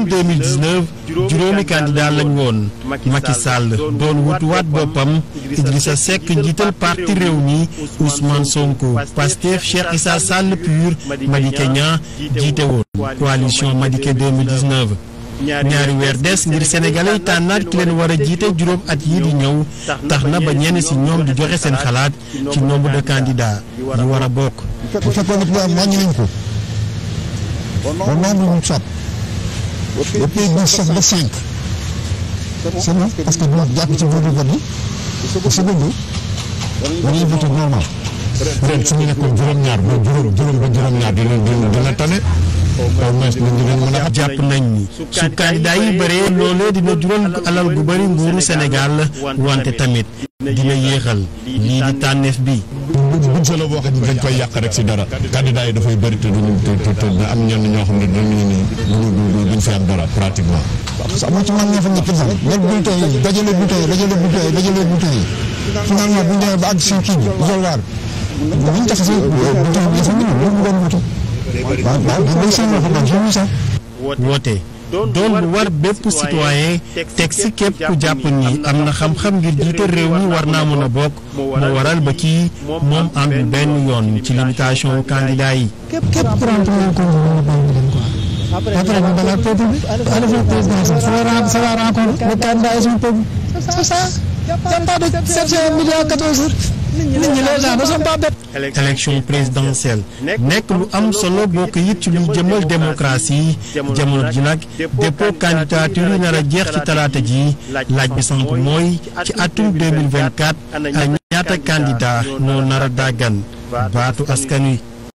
atum 2019 juróomi candidat lañ woon Macky Sall doon wutuwaat boppam Idrissa Seck njiital parti réew mi Ousmane Sonko Pastef Cheikh Issa Sall pur Madické Niang jiite woon coalition Madické 2019 ñaari weer des ngir sénégalais yi tànnaat ki leen war a juróom at yi di ñëw tax na ba ñenn si ñoom di joxe seen xalaat ci nombre de candidats yi war bokk. le pays bu chef de cinq c'est bon parce que dina ci boobu vote bi su bëgg dañuy vote normal ren su ñu nekkoon juróom-ñaar ba juróom juróom tane au moins ñu ngi a jàpp nañ ni su candidat yi bëree loolee dina jural alal gu bëri nguuru Sénégal wante tamit dina yéexal lii di tànneef bi. buñ solo boo xam ne dañ koy yàq rek si dara candidat yi dafay bëri te duñu te te am ñenn ñoo xam ne dañu ne du duñ fi am dara pratiquement. waaw ci man ñoo fa nekk sax nekk bulletin yi dajale bulletin yi dajale bulletin yi dajale bulletin yi finalement buñ demee bi zolwaar buñ tax si buñ tax si waaw waaw mooy seen loxo man jëloon sax. woote doon bu war bépp citoyen teg si képp ku jàpp ni am na xam-xam ngir jiite réew mi war naa mën a bokk moo waral ba kii moom àndul benn yoon ci limitation candidat yi. képp képp ku rentré en compte a bàyyi leen quoi. après ñu dalal peuple a nit ñi les gens ne sont pas bêtes. élection présidentielle nekk lu am solo bokk it ci luy jëmal démocratie jamono ji nag dépôt candidature yi nar a jeex ci talaata ji laaj bi samp mooy ci atum 2024 ak ñaata candidat noo nar a dàggan baatu askan